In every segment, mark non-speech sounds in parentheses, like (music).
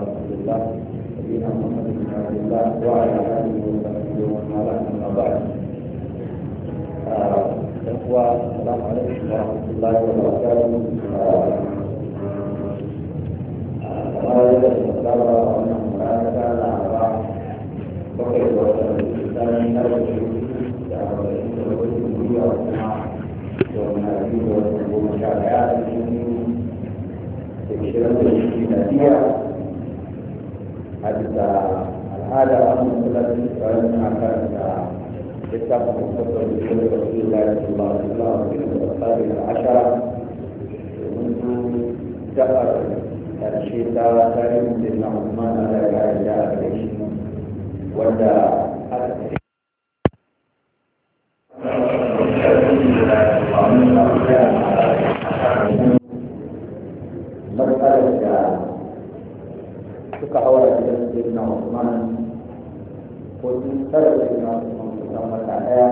رسول الله نبينا الله وعلى اله وصحبه ومن والاه اما بعد اخوة السلام عليكم ورحمة الله وبركاته وقال الله سبحانه وتعالى في الشركة الشيطانية hadisa al'ada wannan salatin bayan na karanta littafin musamman da ke da rasu da ya ce ba su zuwa a cikin wasari da ashara domin su gabar karshe ta tarihin da na musamman da ya ga ya gare shi wanda suka haura gidan sai na Usman ko sun tsara sai na Usman kusan wata ɗaya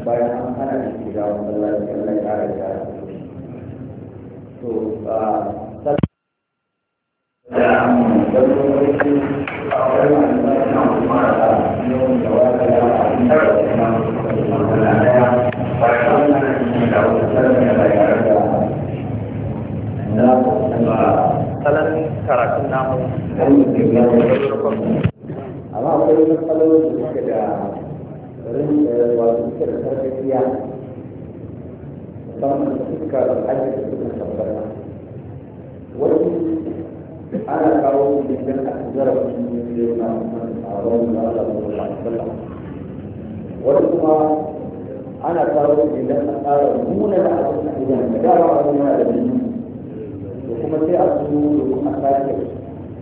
bayan an hana shi shiga wani lafi Allah ya ƙara gyara to da amma akwai matsalolin da suke da rin wato suke da sarkakiya musamman da suka aji da suka tabbata wasu ana kawo su ne don a zarafin miliyoyi na a wani lalata da wasu kuma ana kawo su ne don a tsara nuna da abin da idan da dama abin yana da biyu da kuma sai a su a sake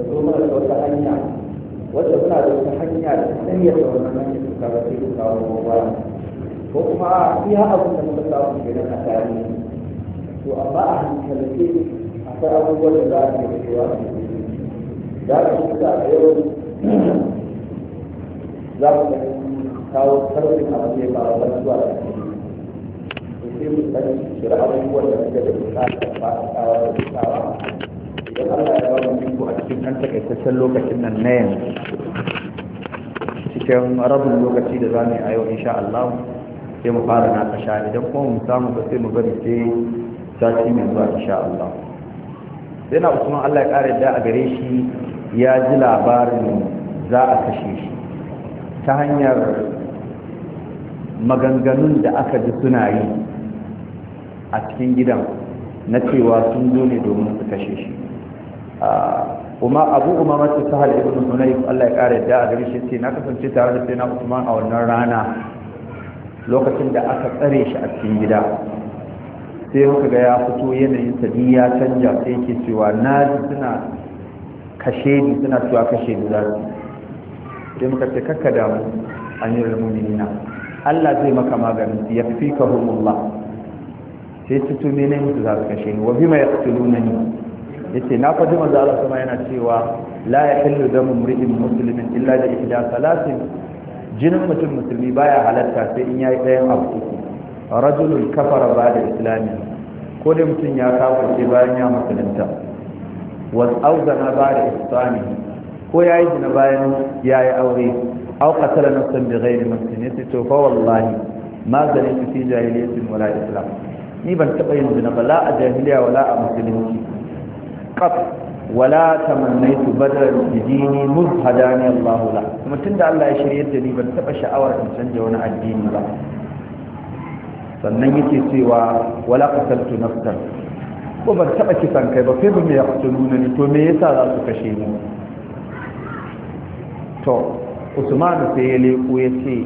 da zo da wata hanya wadda suna da wata hanya da sanya da wannan hanya su kawo sai su kawo gobe ko kuma iya abin da muka samu ke nan a tarihi to amma a hankalce akwai abubuwan da za a ke cewa su cikin za ka shi ta a yau za mu ga kawo sarfin abu ne ba wani zuwa da sai mu sani shirya abubuwan da muke da bukata ba kawo da bukata Allah ya ba mu a cikin ɗan takaitaccen lokacin nan na yanzu cikin rabin lokaci da za mu yi a yau insha Allah sai mu fara na kasha don kuma mu samu ba sai mu bari sai sati mai zuwa insha Allah sai na usman Allah ya ƙara da a gare shi ya ji labarin za a kashe shi ta hanyar maganganun da aka ji suna yi a cikin gidan na cewa sun zo ne domin su kashe shi kuma abu Umar ta sahal ibn hunayf Allah ya kare da a gari shi ce na kasance tare da sayyidina Usman a wannan rana lokacin da aka tsare shi a cikin gida sai muka ga ya fito yanayin sadi ya canja sai yake cewa na suna kashe ni suna cewa kashe ni za su sai muka ce kakka damu amirul mu'minina Allah zai maka maganin ya fi ka humullah sai su ne ne mutu za su kashe ni wa bima yaqtuluna ni yace na faɗi manzo Allah kuma yana cewa la yahillu damu mri'in muslimin illa da ihda salatin jinin mutum musulmi baya halatta sai in yayi ɗayan abu uku rajulun kafara ba'da islami ko dai mutum ya kafirce bayan ya musulunta wa auzana ba'da islami ko yayi jina bayan yayi aure aw qatala nafsan bi ghairi yace to fa wallahi ma zalimi fi jahiliyyatin wala islam ni ban taɓa yin zina ba la a jahiliya wala a musulunci qat wala jini badran bidini muzhadani Allah la kuma tun da Allah ya shirya da ni ban taɓa sha'awar in canja wani addini ba sannan yake cewa wala qataltu nafsan ko ban taɓa kisan kai ba kai ba me ya nuna ni to me yasa za su kashe ni to Usman sai ya leko ya ce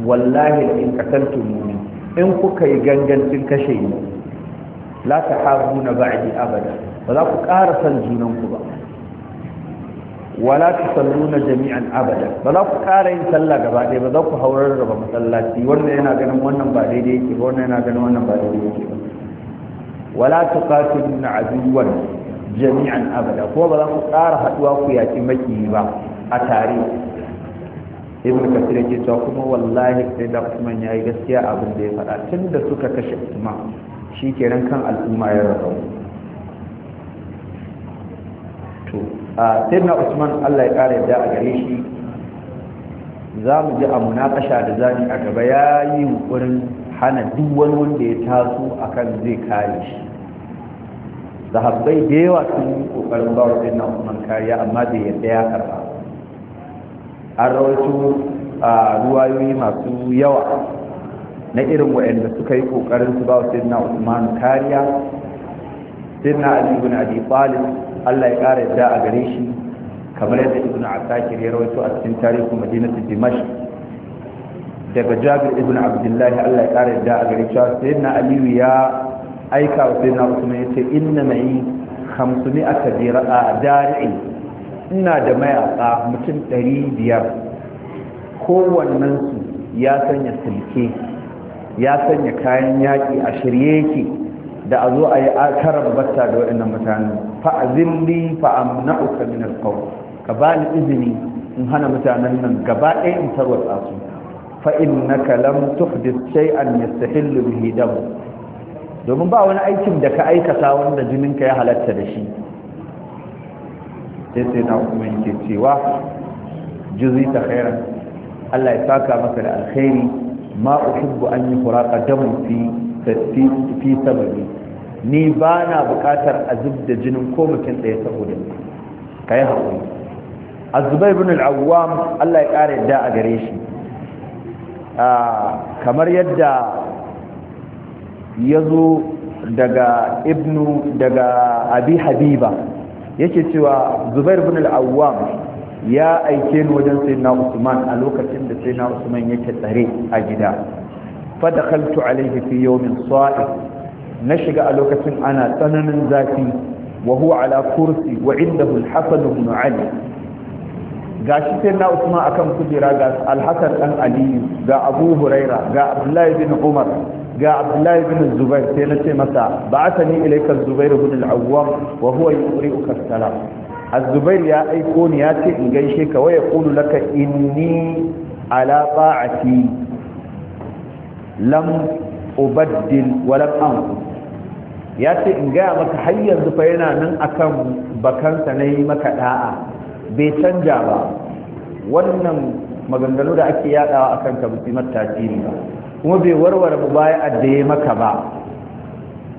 wallahi in qataltu mu'min in kuka yi gangancin kashe ni la na ba'di abada ba za ku ƙara san junan ku ba wala na jami'an abada ba za ku ƙara yin sallah gaba ɗaya ba za ku haurar raba masallaci wannan yana ganin wannan ba daidai yake ba wannan yana ganin wannan ba daidai yake ba wala na aduwan jami'an abada ko ba za ku ƙara haɗuwa ku yaƙi maki ba a tare ibn kasir yake cewa kuma wallahi sai da kuma yayi gaskiya abin da ya faɗa Tunda suka kashe usman shi kenan kan al'umma ya rabu to a sirna usman allah ya ƙara yadda a gare shi za mu ji a munakasha da zani a gaba ya yi yunkurin hana duk wani wanda ya taso akan zai kare shi zahabbai da yawa sun yi ƙoƙarin ba wa na usman kariya amma bai yadda ya karba an rawaito a ruwayoyi masu yawa na irin waɗanda suka yi ƙoƙarin su ba wa sayyidina Usman kariya sayyidina Ali ibn Abi Talib Allah ya ƙara yadda a gare shi kamar yadda Ibn Asakir ya rawaito a cikin tarihin Madinatu Dimash daga Jabir ibn Abdullah Allah ya ƙara yadda a gare shi sayyidina Ali ya aika wa sayyidina Usman yace inna mai 500 dira a dari'i ina da mayaka mutum 500 kowannensu ya sanya silke ya sanya kayan yaƙi a shirye yake da a zo a yi karar batta da waɗannan mutane fa'azin li fa'amna'uka min alqawl ka ba ni izini in hana mutanen nan gaba ɗaya in tarwatsa su fa innaka lam tuhdith shay'an yastahillu bihi dam domin ba wani aikin da ka aikata wanda jininka ya halatta da shi sai sai na kuma yake cewa juzi ta khairan Allah ya saka maka da alkhairi ma uhibbu an yi furaka damu fi fi ni ba na bukatar a da jinin ko ɗaya saboda ni ka yi haƙuri azubai bin al'awwam allah ya ƙara yadda a gare shi kamar yadda ya zo daga ibnu daga abi habiba yake cewa zubair bin al'awwam ya aike ni wajen na usman a lokacin da sai na usman yake tsare a gida fa dakhaltu alayhi fi yawmin sa'id na shiga a lokacin ana tsananin zafi wa huwa ala kursi wa indahu al-hasan ibn ali gashi sayyidina usman akan kujera ga al-hasan dan ali ga abu huraira ga abdullahi bin umar ga abdullahi bin zubair sai na ce masa ba'athani ilayka zubair ibn al-awwam wa huwa yuqri'uka as-salam azubair ya aiko ni ya ce in gaishe ka waya kulu laka inni ala ta'ati lam ubaddil wa lam anqu ya ce in gaya maka har yanzu fa yana nan akan bakansa na yi maka da'a bai canja ba wannan maganganu da ake yaɗawa akan ka musu tasiri ba kuma bai warware mu baya da ya maka ba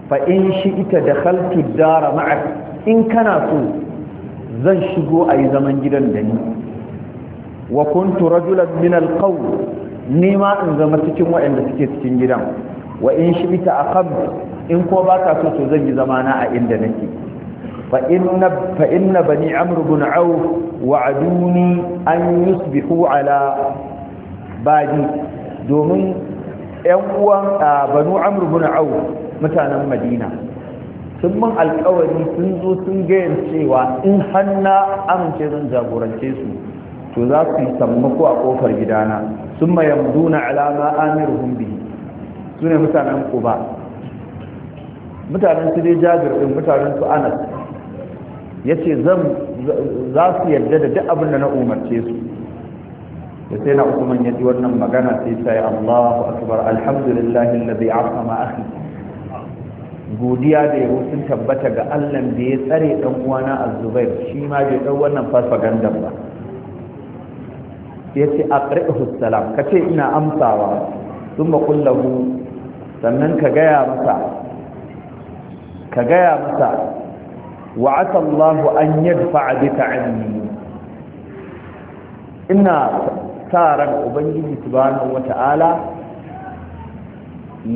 fa in shi ita da khaltu dara ma'ak in kana so zan shigo a yi zaman gidan da ni wa kuntu rajulan min ni ma in zama cikin waɗanda suke cikin gidan wa in shibita aqab in ko baka so to zan yi zamana a inda nake fa inna fa inna bani amr ibn auf wa'aduni an yusbihu ala badi domin yan uwan banu amr ibn auf mutanen madina sun min alkawari sun zo sun gayan cewa in hanna amince zan jagorance su to za su yi sammako a kofar gidana sun ma yamduna alama amiruhum bihi su ne mutanen kuba mutanen su dai jabir mutanen su anas ya ce za su yarda da duk abin da na umarce su da sai na usman ya ji wannan magana sai sai allahu akbar alhamdulillahi alladhi afama akhi godiya da yabo sun tabbata ga Allah da ya tsare dan uwana azubair zubair shi ma bai dau wannan farfaganda ba yace aqri'hu salam kace ina amsawa thumma qul lahu sannan ka gaya masa ka gaya masa wa asa Allah an yadfa bika anni ina sa ran ubangiji subhanahu wata'ala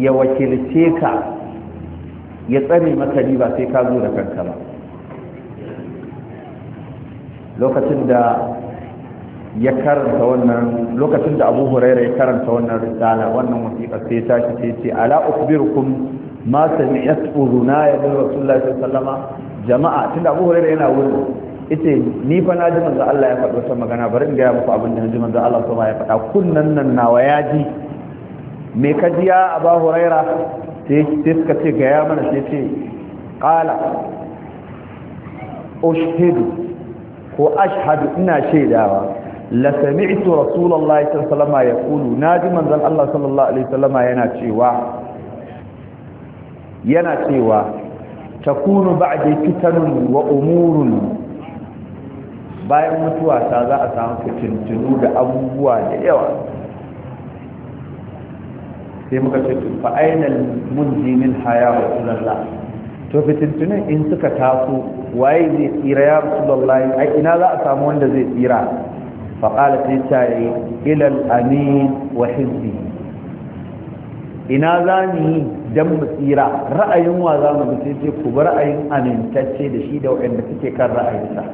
ya wakilce ka ya tsare maka riba sai ka zo da kanka ba lokacin da ya karanta wannan lokacin da abu huraira ya karanta wannan risala wannan wasiƙa sai ta shi sai ce ala ukbirukum ma sami'at na ya bi rasulullahi sallallahu alaihi wasallam jama'a tunda abu huraira yana wuri ita ni fa na ji manzo Allah ya faɗo ta magana bari in ga muku abin da na ji manzo Allah sama ya faɗa kunnan nan nawa ya ji me ka ji ya abu huraira sai suka ce gaya mana sai ce ƙala ashhadu ko ashhadu ina shaidawa la sami'tu rasulullahi sallallahu alaihi wasallam Na ji manzon Allah sallallahu alaihi wasallam yana cewa yana cewa takunu ba'di fitanun wa umurun bayan mutuwa ta za a samu fitintunu da abubuwa da yawa sai muka ce fa ainal munji to fitintunan in suka taso waye zai tsira ya rasulullah ai ina za a samu wanda zai tsira fa qala sai ta yi amin wa hizbi ina za mu yi dan mu tsira ra'ayin wa za mu ce ku bar ra'ayin amintacce da shi da wanda suke kan ra'ayinsa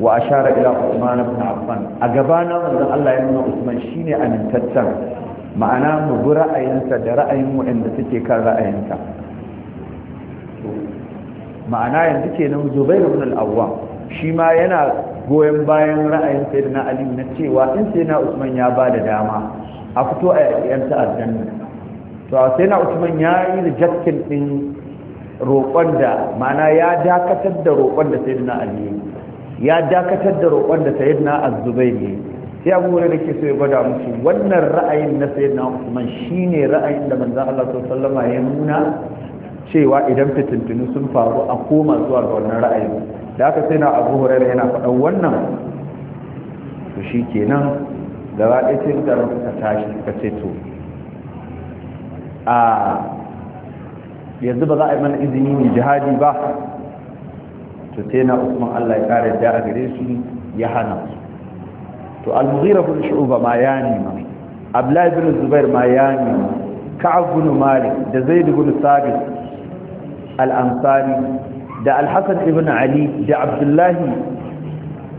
wa ashara ila Usman ibn Affan a gabana manzon Allah ya nuna Usman shine amintaccen ma'ana mu bi ra'ayinsa da ra'ayin inda suke kan ra'ayinsa ma'ana yanzu kenan Zubair ibn al-Awwam shi ma yana goyon bayan ra'ayin sayyidina Ali na cewa in sayyidina Usman ya ba da dama a fito a yan ta'addan to sayyidina Usman ya yi rejection din roƙon da ma'ana ya dakatar da roƙon da sayyidina Ali ya dakatar da roƙon da yi na azubai ne sai abu da ke so ya gwada musu wannan ra'ayin na na usman shine ra'ayin da manzan Allah sau sallama ya nuna cewa idan fitintunu sun faru a koma zuwa ga wannan ra'ayin da aka sai na abu hurairah yana faɗan wannan to shikenan gaba ɗaya sai mutane suka tashi suka ce to a yanzu ba za a yi mana izini ne jihadi ba to sai na usman allah ya kare da a gare su ya hana su to al-mughira bin shu'ba ma ya nima abdullahi bin zubair ma ya nima ka'ab bin malik da zaid bin sabit al-ansari da al-hasan ibn ali da abdullahi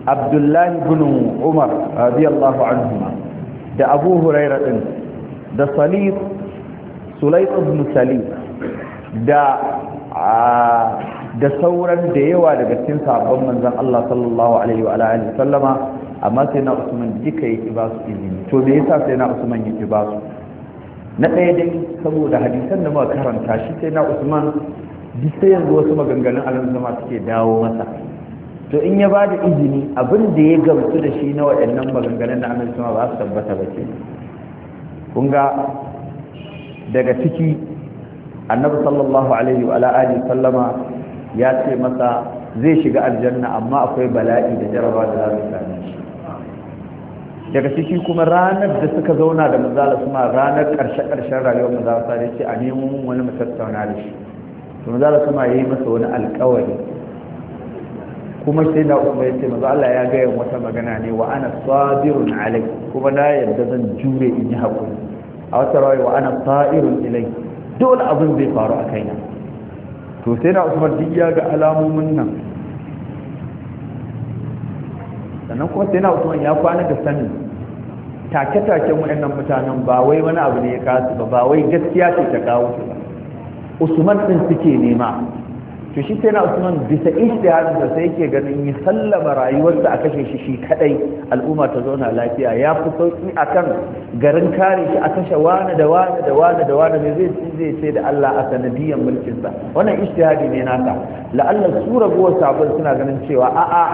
abdullahi bin umar radiyallahu anhuma da abu hurairah din da salih sulayt ibn salih da ah, da sauran da yawa daga cikin sabon manzon Allah sallallahu alaihi wa alihi sallama amma sai na Usman duka yake ba su izini to me yasa sai na Usman yake ba su na ɗaya dai saboda hadisan da muka karanta shi sai na Usman duk sai yanzu wasu maganganun alhamdulillah suke dawo masa to in ya bada izini abin da ya gamsu da shi na waɗannan maganganun na alhamdulillah ba su tabbata ba ce? kun ga daga ciki annabi sallallahu alaihi wa alihi sallama ya ce masa zai shiga aljanna amma akwai bala'i da jaraba da za su same shi daga ciki kuma ranar da suka zauna da manzala suma ranar karshe-karshen rayuwar manzala sa da ce a nemo wani matattauna da shi to ya yi masa wani alkawari kuma sai da kuma ya ce maza ya gaya wata magana ne wa ana sabirun alai kuma na yadda zan jure in yi haƙuri a wata rawai wa ana sa'irun ilai dole abin zai faru a kaina to sai na usman duk ya ga alamomin nan sannan kuma sai na usman ya kwana da sanin take-taken waɗannan mutanen ba wai wani abu ne ya kasu ba ba wai gaskiya ce ta kawo su ba usman ɗin suke nema to shi sai na usman bisa ijtihadin da sai yake ganin ya sallama rayuwarsa a kashe shi shi kadai al'umma ta zauna lafiya ya fi sauki akan garin kare shi a kashe wani da wani da wani da wani zai zai ce da Allah a sanadiyan mulkin sa wannan ijtihadi ne naka la'alla su rabuwar sabon suna ganin cewa a'a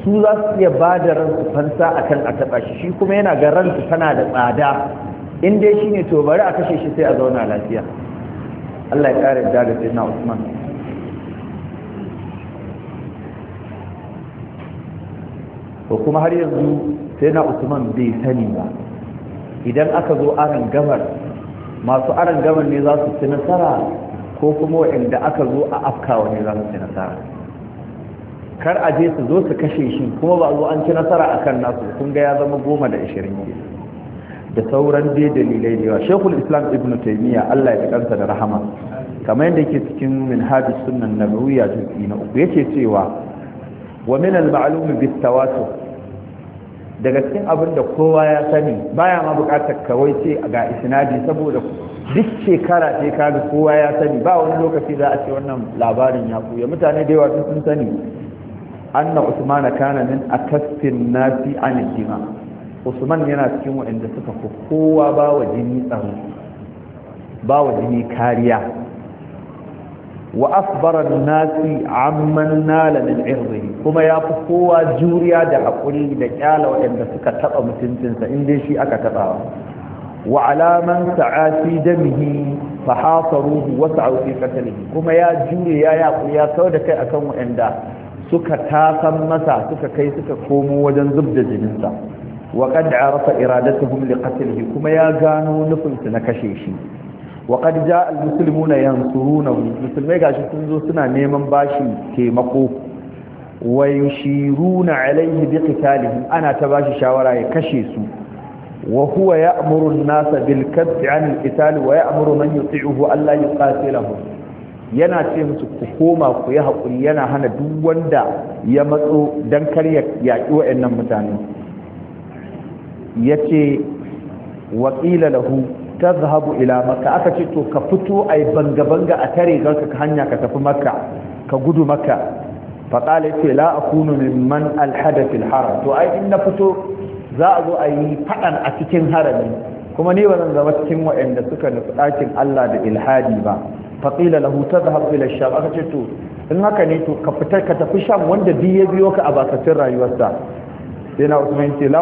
su za su iya ba da ransu fansa akan a taɓa shi shi kuma yana ga ransu tana da tsada in dai shine to bari a kashe shi sai a zauna lafiya Allah ya kare da na Usman to kuma har yanzu sai na usman bai sani ba idan aka zo aran gabar masu aran gabar ne za su ci nasara ko kuma waɗanda aka zo a afkawa ne za su ci nasara kar a je su zo su kashe shi kuma ba zo an ci nasara a kan nasu kun ga ya zama goma da ashirin da sauran dai dalilai da yawa shekul islam ibn taimiyya allah ya kansa da rahama kamar yadda ke cikin minhajus sunnan nabawiyya juz'i na uku yake cewa wa min al-ma'lum bit tawasul daga cikin abin da kowa ya sani baya ma bukatar kawai ce ga isnadi saboda duk shekara ce kaga kowa ya sani ba wani lokaci za a ce wannan labarin ya kuya mutane da yawa sun sani anna usman kana min akasfin nasi an jima usman yana cikin wanda suka fi kowa ba wa jini tsaro ba wa jini kariya wa asbara nasi amman nala min irdihi kuma ya fi kowa juriya da haƙuri da kyala waɗanda suka taɓa mutuncinsa in dai shi aka taɓa wa alaman sa'ati damihi fa hasaruhu wa sa'u qatlihi kuma ya jure ya yaƙuri ya kawar da kai akan waɗanda suka tasan masa suka kai suka komo wajen zubda jininsa wa qad arafa iradatuhum li qatlihi kuma ya gano nufinsu na kashe shi wa qad na al runa yansuruna musulmai gashi sun zo suna neman bashi taimako wa yushiruna alaihi bi qitalihim ana ta bashi shawara ya kashe su wa huwa ya'muru an-nasa bil kafi 'an al-qital wa ya'muru man yuti'uhu an la yuqatilahum yana ce musu ku koma ku yi haƙuri, yana hana duk wanda ya matso dan kar ya yaki wayannan mutane yace ce, qila lahu tazhabu ila makka aka ce to ka fito ai banga banga a tare garka ka hanya ka tafi makka ka gudu makka faƙala qala yace la akunu mimman alhada haram to ai in na fito za a zo a yi fadan a cikin harami kuma ni ba zan zama cikin waɗanda suka nufi ɗakin Allah da ilhadi ba faƙila lahu ta zahabu ila sham aka ce to in haka ne to ka ka tafi sham wanda duk ya biyo ka a basatun rayuwarsa sai na usman ce la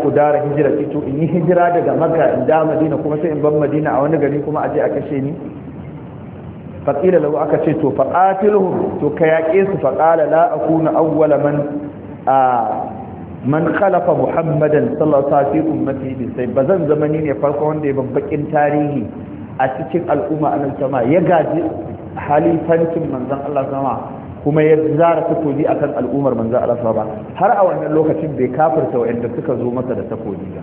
ku dara hijira kitu in yi hijira daga makka in da madina kuma sai in ban madina a wani gari kuma a aje a kashe ni faqila lahu aka ce to faqatiluhum to ka yaƙe su faqala la akuna awwala man a man khalafa muhammadan sallallahu alaihi wasallam ummati bi sai bazan zamani ne farko wanda ya babbakin tarihi a cikin al'umma anan sama ya gaji halifancin manzon Allah sama kuma ya zara takobi akan al'ummar manzo Allah ba har a wannan lokacin bai kafirta wa'anda suka zo masa da takobi ba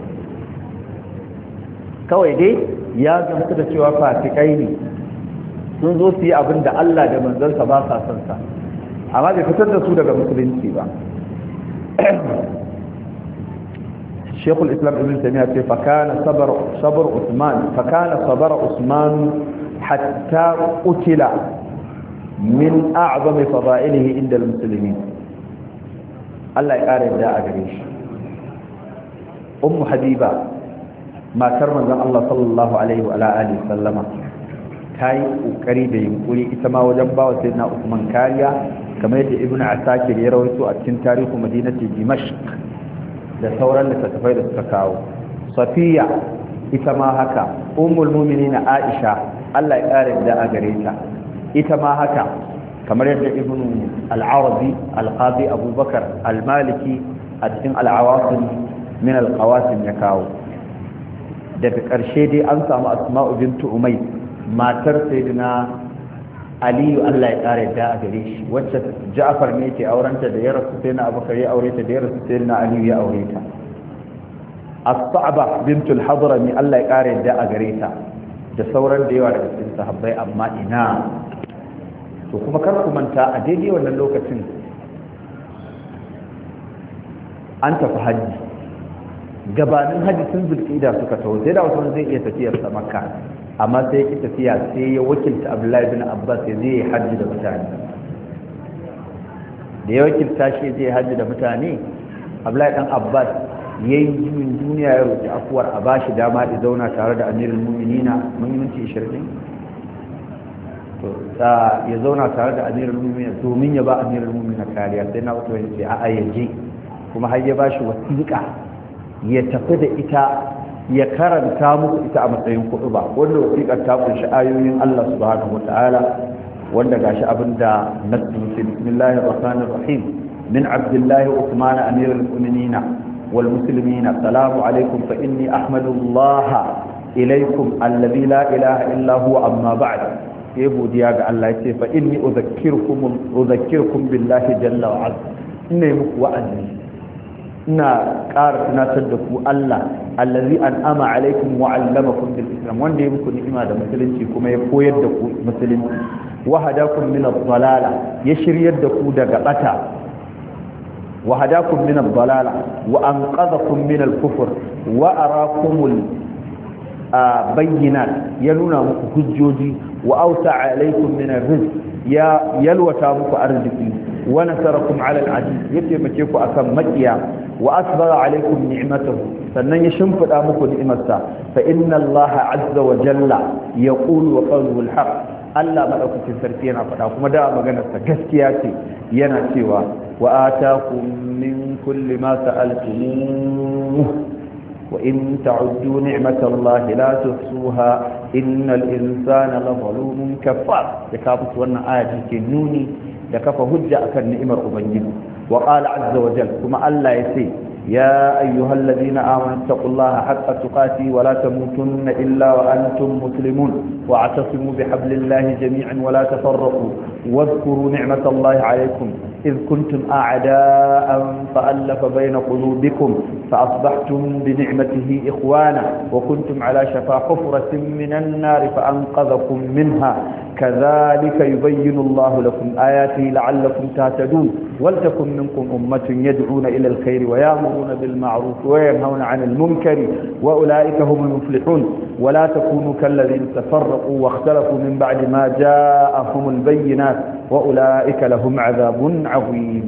kawai dai ya gamsu da cewa fasikai ne sun zo su yi abin da Allah da manzansa ba sa son sa amma bai fitar da su daga musulunci ba (clears throat) Sheikhul Islam Ibn Taymiyyah ce fa kana sabar sabar Usman fa kana sabara Usman hatta min a'zami fada'ilihi inda musulmi Allah ya ƙara da a gare shi ummu habiba matar manzon Allah sallallahu alaihi wa alihi sallama ta yi kokari da yunkuri ita ma wajen bawa sayyidina Usman kariya kamar yadda Ibn Asakir ya rawaito a cikin tarihi madinati Dimashq da sauran littattafai da suka kawo Safiya ita ma haka ummul mu'minin Aisha Allah ya kare da a gare ta ita ma haka kamar yadda ibn al-arabi al-qadi abubakar al-maliki a cikin al-awasim min al-qawasim ya kawo daga ƙarshe dai an samu asma'u bintu umay matar sayyidina aliyu Allah ya kare da a gare shi wacce ja'far ne yake aurenta da ya rasu sayyidina abubakar ya aure ta da ya rasu sayyidina aliyu ya aure ta as-sa'ba bintu al-hadrami Allah ya kare da a gare ta da sauran da yawa daga cikin sahabbai amma ina to kuma kar ku manta a daidai wannan lokacin an tafi hajji gabanin hajji sun zulkida suka tawo sai da wasu zai iya tafiyar sa makka amma sai ki tafiya sai ya wakilta abdullahi bin abbas ya zai hajji da mutane da ya wakilta shi zai hajji da mutane abdullahi dan abbas ya yi jimin duniya ya roƙi afuwar a bashi dama da zauna tare da amirin mu'minina mun minti ya zauna tare da amirul mu'minin domin ya ba amirul mu'minin kariya sai na wato yace a ya je kuma har ya bashi wasiƙa ya tafi da ita ya karanta muku ita a matsayin kuɗi ba wanda wasiƙa ta kunshi ayoyin Allah subhanahu wata'ala wanda gashi abinda nasu bismillahir rahmanir rahim من عبد الله عثمان أمير المؤمنين والمسلمين السلام عليكم فإني أحمد الله إليكم ya godiya ga Allah ya ce fa inni uzakkirukum uzakkirukum billahi jalla wa azza ina yi muku wa'azi ina ƙara tunatar da ku Allah allazi an'ama alaikum wa 'allamakum bil islam wanda ya muku ni'ima da musulunci kuma ya koyar da ku musulunci wa hadakum min ad-dalala ya shiryar da ku daga bata wa hadakum min ad-dalala wa anqadhakum min al-kufr wa arakumul bayyinat ya nuna muku hujjoji wa auta alaikum min arzik ya yalwata muku arziki wa nasarakum ala al-aziz ya taimake ku akan makiya wa asbara alaikum ni'matahu sannan ya shimfida muku ni'imarsa fa inna Allah azza wa jalla yaqulu wa qawluhu al-haq Allah madaukakin sarki yana faɗa kuma da maganar sa gaskiya ce yana cewa wa atakum min kulli ma sa'altumuhu وإن تعدوا نعمة الله لا تحصوها إن الإنسان لظلوم كفار لكابت وأن آية كنوني لكفى هجة أكن نعمة أبنجل وقال عز وجل كما ألا يسي يا أيها الذين آمنوا اتقوا الله حق تقاتي ولا تموتن إلا وأنتم مسلمون واعتصموا بحبل الله جميعا ولا تفرقوا واذكروا نعمة الله عليكم إذ كنتم أعداء فألف بين قلوبكم فأصبحتم بنعمته إخوانا وكنتم على شفا حفرة من النار فأنقذكم منها كذلك يبين الله لكم آياته لعلكم تهتدون ولتكن منكم أمة يدعون إلى الخير ويامرون بالمعروف وينهون عن المنكر وأولئك هم المفلحون ولا تكونوا كالذين تفرقوا واختلفوا من بعد ما جاءهم البينات وأولئك لهم عذاب azim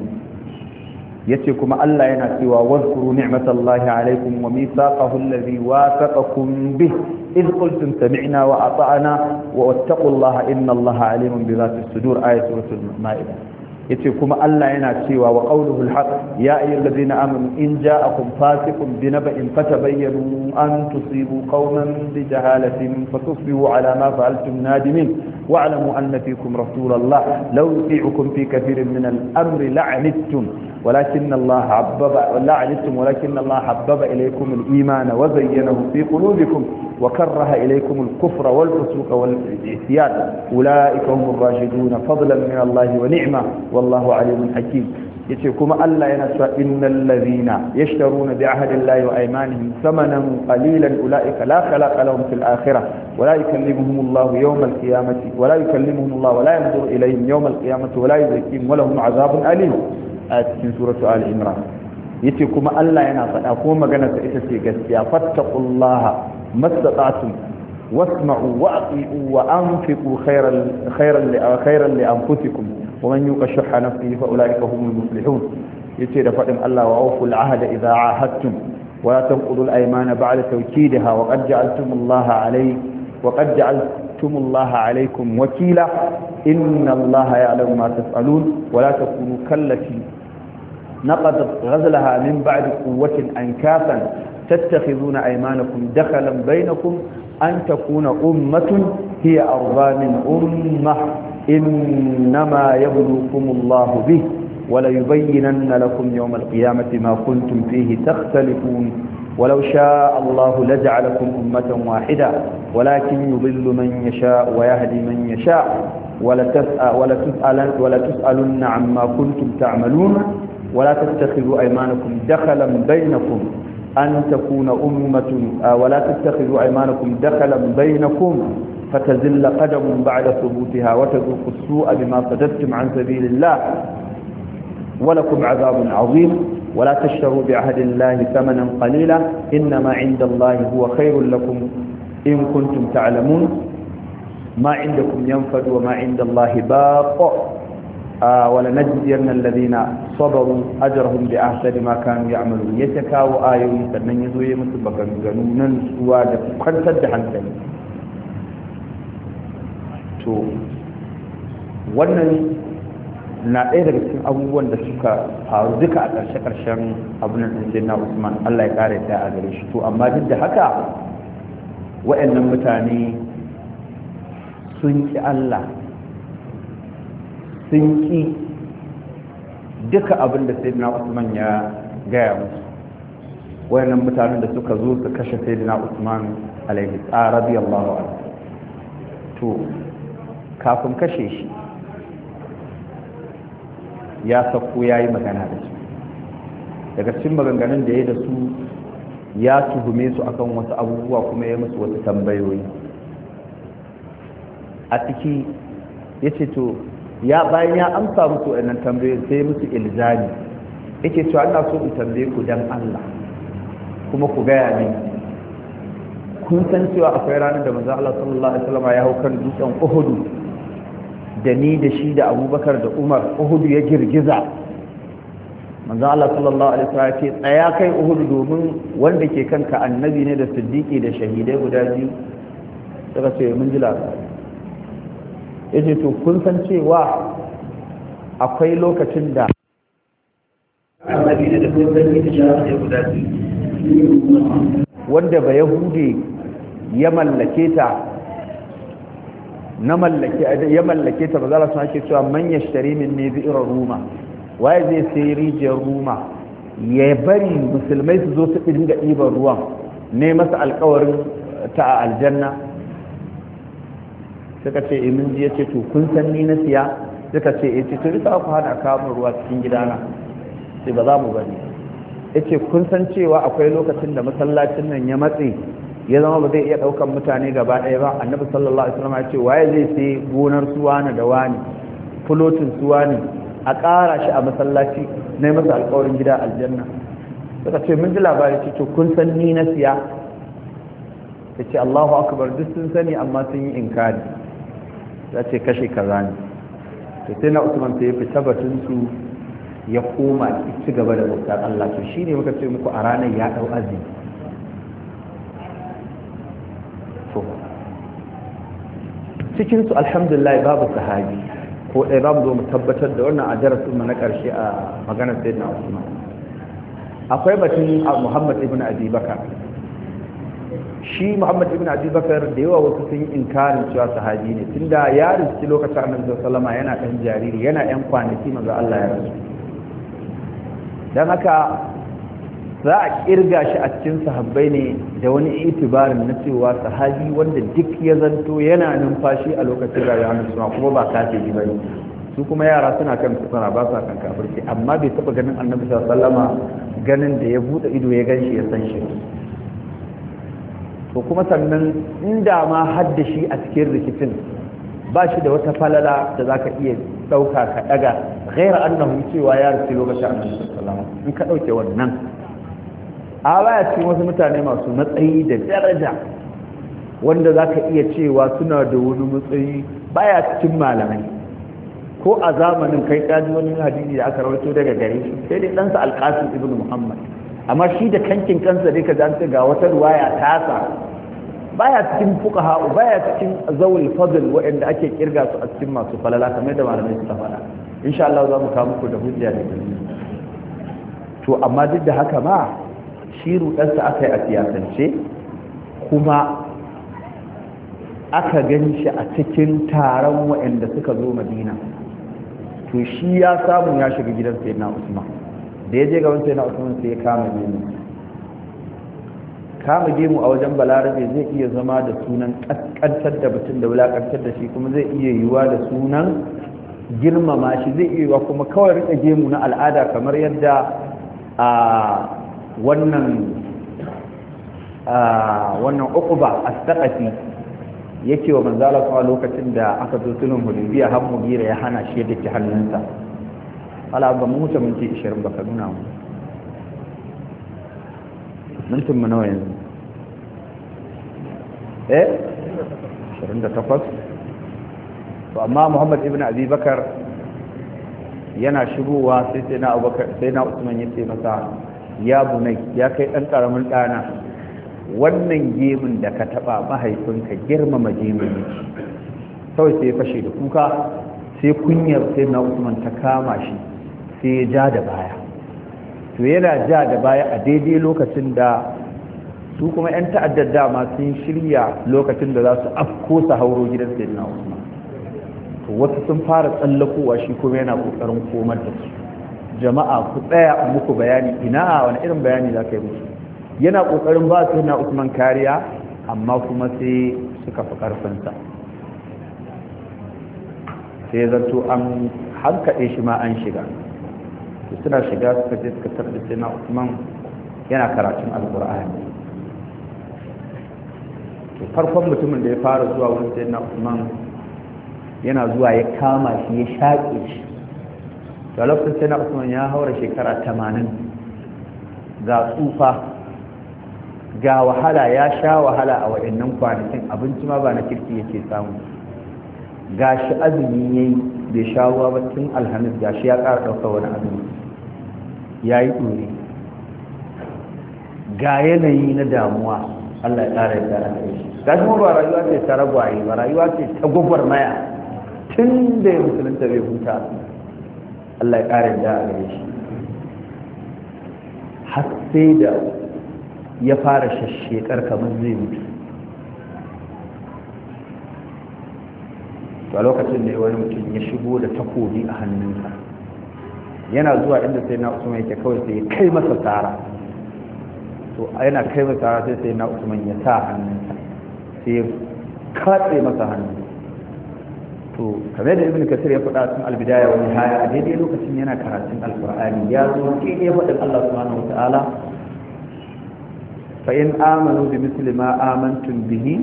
yace kuma Allah yana cewa wazkuru ni'matallahi alaikum wa mithaqahu alladhi wathaqakum bih id qultum sami'na wa ata'na wa wattaqullaha innallaha alimun bi dhati sudur ayatu suratul ma'idah yace kuma Allah yana cewa wa qauluhul haq ya ayyul ladina amanu in ja ja'akum fasiqun bi naba'in fatabayyanu an tusibu qauman bi jahalatin fatusbihu ala ma fa'altum nadimin wa'lamu anna fikum rasulallah law yuti'ukum fi kathirin min al-amri la'anittum ولكن الله حبب ولا علمتم ولكن الله حبب اليكم wa وزينه في قلوبكم وكره اليكم الكفر والفسوق والعصيان اولئك هم الراشدون فضلا من الله ونعمه wallahu alimun hakim yace kuma Allah yana cewa innal ladhina yashtaruna bi ahdillahi wa aymanihim thamanan qalilan ulaika la khalaqa lahum fil akhirah wa la yukallimuhumullahu yawmal qiyamati wa la yukallimuhumullahu wa la yanzuru ilayhim yawmal qiyamati wa la yuzakkihim wa lahum azabun alim a cikin suratu al imran yace kuma Allah yana faɗa ko magana ta ita ce gaskiya fattaqullaha mastata'tum wasma'u wa atiu wa anfiqu khayran khayran li khayran li anfusikum ومن يوق شح نفسه فأولئك هم المفلحون يتير فإن الله وأوفوا العهد إذا عاهدتم ولا تنقضوا الأيمان بعد توكيدها وقد جعلتم الله عليه وقد جعلتم الله عليكم وكيلا إن الله يعلم ما تفعلون ولا تكونوا كالتي نقضت غزلها من بعد قوة أنكافا تتخذون أيمانكم دخلا بينكم أن تكون أمة هي أرضى من أمة إنما يبلوكم الله به وليبينن لكم يوم القيامة ما كنتم فيه تختلفون ولو شاء الله لجعلكم أمة واحدة ولكن يضل من يشاء ويهدي من يشاء ولتسألن, ولتسألن عما كنتم تعملون ولا تتخذوا أيمانكم دخلا بينكم أن تكون أمة آه، ولا تتخذوا أيمانكم دخلا بينكم فتزل قدم بعد ثبوتها وتذوق السوء بما صددتم عن سبيل الله ولكم عذاب عظيم ولا تشتروا بعهد الله ثمنا قليلا إنما عند الله هو خير لكم إن كنتم تعلمون ما عندكم ينفد وما عند الله باق آه ولنجزين الذين صبروا أجرهم بأحسن ما كانوا يعملون يتكاو آيوي سنن يزوي مثل بكر جنونا سوادة قد سد حنسلين to wannan na ɗaya daga cikin abubuwan da suka faru duka a ƙarshe-ƙarshen abin da sai na usman allah ya ƙara ta a gare shi to amma duk da haka wa'annan mutane sun ƙi allah sun ƙi duka abin da sai na usman ya gaya musu wayannan mutanen da suka zo su kashe sai usman alaihi tsara biyan to kafin kashe shi ya sauko ya yi magana da su daga cikin maganganun da ya da su ya tuhume su akan wasu abubuwa kuma ya musu wasu tambayoyi a ciki ya ce to ya bayan ya amsa musu wannan tambayoyin sai musu ilzami yake cewa ana so in tambaye ku dan Allah kuma ku gaya ne. kun san cewa akwai ranar da manzo Allah sallallahu alaihi wasallam ya hau kan dutsen Uhud da ni da shi da abubakar da umar uhudu ya girgiza manzo Allah sallallahu alaihi wasallam ce tsaya kai uhudu domin wanda ke kanka annabi ne da siddiqi da shahidai guda biyu daga ce mun ji labari yace to kun san cewa akwai lokacin da annabi ne da siddiqi da shahidai guda biyu wanda ba yahude ya mallake ta na mallake ya mallake ta ba za su ake cewa man yashtari min ne bi'ira ruma waye zai sai rijiyar ruma ya bari musulmai su zo su dinga ɗiban ruwan ne masa alkawarin eh, ta a aljanna suka ce imin eh, ji ya ce to kun san ni na siya suka ce ya eh, ce to rika ku hana kamun ruwa cikin gidana sai ba za mu bari ya ce kun san cewa akwai lokacin da masallacin nan ya matse ya zama ba zai iya ɗaukan mutane gaba ɗaya ba annabi sallallahu alaihi wasallam ya ce waye zai sai gonar suwana da wani fulotin suwani a ƙara shi a masallaci na yi masa alƙawarin gida aljanna suka ce mun ji labari ce to kun san ni na siya ta ce allahu akbar duk sun sani amma sun yi inkari za ce kashe kaza ne to sai na usman ta yi fita su ya koma ci gaba da bautar allah to shine muka ce muku a ranar ya ɗau azumi cikin su alhamdulillah babu sahabi ko ɗaya babu zo mu tabbatar da wannan a darasin mu na ƙarshe a maganar sayyidina Usman akwai batun Muhammad ibn Abi Bakar shi Muhammad ibn Abi da yawa wasu sun inkarin cewa sahabi ne tunda ya rinci lokacin Annabi sallallahu yana dan jariri yana yan kwanaki manzo Allah ya rasu dan haka za a kirga shi a cikin sahabbai ne da wani itibarin na cewa sahabi wanda duk ya zanto yana numfashi a lokacin rayuwa na suna kuma ba kafiri ba su kuma yara suna kan suna ba sa kan kafirci amma bai taba ganin annabi sallama ganin da ya buɗe ido ya gan shi ya san shi to kuma sannan inda ma hadda shi a cikin rikicin ba shi da wata falala da za ka iya ɗauka ka ɗaga gaira annahu cewa ya rasu lokacin annabi sallama in ka ɗauke wannan a baya cikin wasu mutane masu matsayi da daraja wanda za ka iya cewa suna da wani matsayi baya cikin malamai ko a zamanin kai kaji wani hadisi da aka rawaito daga gare shi sai dai ɗansa alƙasim ibn muhammad amma shi da kankin kansa dai ka zanta ga wata ruwaya tasa baya cikin fuka ha'u baya cikin zawul fadl waɗanda ake kirga su a cikin masu falala kamar da malamai suka faɗa insha Allah za mu kawo muku da hujja da dalili to amma duk da haka ma Shiru ɗansa aka yi a siyasance kuma aka gan shi a cikin taron waɗanda suka zo madina to shi ya samu ya shiga gidan na usman da ya je ga sai na usman sai ya kama gemu kama gemu a wajen balarabe zai iya zama da sunan ƙasƙantar da mutum da wulaƙantar da shi kuma zai iya yiwuwa da sunan girmama shi zai iya yiwuwa kuma kawai rike gemu na al'ada kamar yadda a ah, wannan wannan uquba as-saqafi yake wa manzala Allah lokacin da aka zo sulhun hudaybiya har mugira ya hana shi da hannunsa ala ba mu huta minti 20 baka nuna mu mintin mu nawa yanzu eh 28 to amma Muhammad ibn Abi Bakar yana shigowa sai sai na Abubakar sai na Usman yace masa ya bunai ya kai ɗan ƙaramin ɗana wannan gemun da ka taɓa mahaifinka girmama gemun yake kawai sai ya fashe da kuka sai kunyar sai na usman ta kama shi sai ya ja da baya to yana ja da baya a daidai lokacin da su kuma 'yan ta'addar dama sun shirya lokacin da za su afko su hauro gidan sai na usman to wasu sun fara tsallakowa shi kuma yana ƙoƙarin komar da su jama'a ku tsaya muku bayani ina wani irin bayani za ka yi musu yana kokarin ba su na usman kariya amma kuma sai suka fi karfinsa sai zato an hankaɗe shi ma an shiga suna shiga suka je suka tarbi sai na usman yana karatun alkur'ani to farkon mutumin da ya fara zuwa wani sai na usman yana zuwa ya kama shi ya shaƙe shi da lokacin sai na usman ya haura shekara tamanin ga tsufa ga wahala ya sha wahala a waɗannan kwanakin abinci ma ba na kirki yake samu ga shi azumi ya yi bai sha ruwa ba tun alhamis ga shi ya ƙara ɗauka wani azumi ya yi ɗore ga yanayi na damuwa allah ya ƙara yadda a shi ga shi ba rayuwa ce ta ragwaye ba rayuwa ce ta gwagwarmaya tun da ya musulunta bai huta Allah ya ƙara da a gare shi har sai da ya fara shashekar kamar zai mutu a lokacin da wani mutum ya shigo da takobi a hannunsa yana zuwa inda sai na usman yake kawai sai ya kai masa tsara to yana kai masa tsara sai sai na usman ya sa hannunsa sai ya katse masa hannu to kamar da ibn kasir ya faɗa cikin albidaya wani haya a daidai lokacin yana karatun alqur'ani ya zo ke ne faɗin Allah subhanahu wataala fa in amanu bi misli ma amantum bihi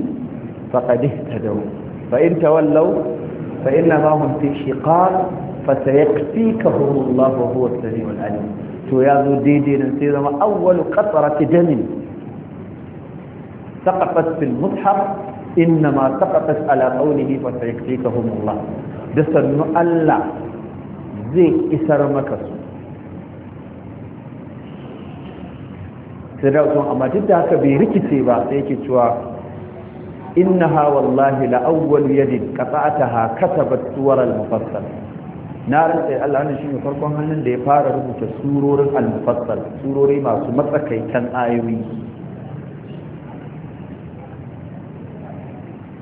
faqad ihtadaw fa in tawallaw fa innama hum fi shiqaq fa sayakfikahum Allah wa huwa as-sami'ul alim to ya zo daidai nan sai zama awwalu qatrati damin saqafat fil mushaf inna ma saqatat ala qawlihi fa sayakfikahum Allah da sannu Allah zai isar maka su sai da amma duk da haka bai rikice ba sai yake cewa innaha wallahi la awwal yadi qata'ataha katabat suwar al-mufassal na rantsa Allah wannan shine farkon hannun da ya fara rubuta surorin al-mufassal surori masu matsakaitan ayoyi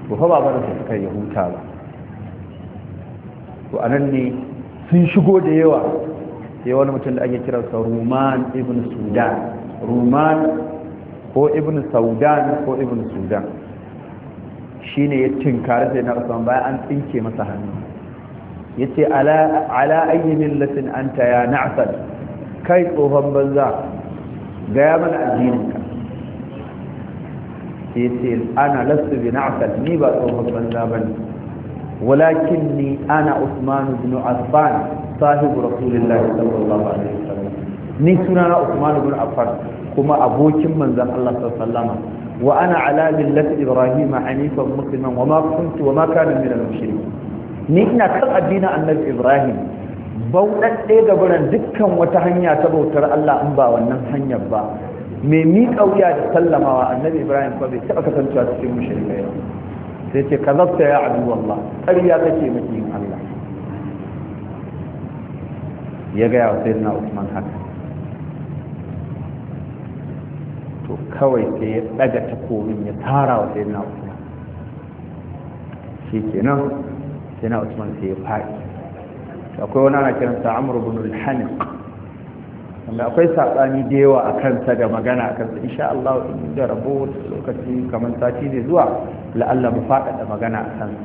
to fa ba barin suka yi huta ba to anan ne sun shigo da yawa sai wani mutum da ake kiransa ruman ibn sudan ruman ko ibn saudan ko ibn sudan shine ya tinkari sai na usman bayan an tsinke masa hannu yace ala ala ayyi millatin anta ya na'sal kai tsohon banza ga ya mana addinin sai ce ana lasu bi asal ni ba tsohon banza ba ne walakin ni ana usman bin affan sahibu rasulullah sallallahu alaihi wasallam ni suna na usman bin affan kuma abokin manzon Allah sallallahu wa ana ala millati ibrahim hanifan musliman wa ma kuntu wa ma kana min al ni ina kan addinin annabi ibrahim bauɗaɗɗe da gurin dukkan wata hanya ta bautar Allah in ba wannan hanyar ba mai miƙa wuya da sallamawa annabi ibrahim ba bai taɓa kasancewa cikin mushrikai ba sai ce ka zafta ya abu wallah ƙarya ta ce maki yin allah ya gaya wa sayyidina usman haka to kawai sai ya ɗaga ta komin ya tara wa sayyidina usman shi ke kenan sayyidina usman sai ya faɗi akwai wani ana kiransa amr ibn al wanda akwai saɓani da yawa a kansa da magana a kansa insha Allah in da rabo lokaci kamar sati ne zuwa la'alla mu faɗaɗa magana a kansa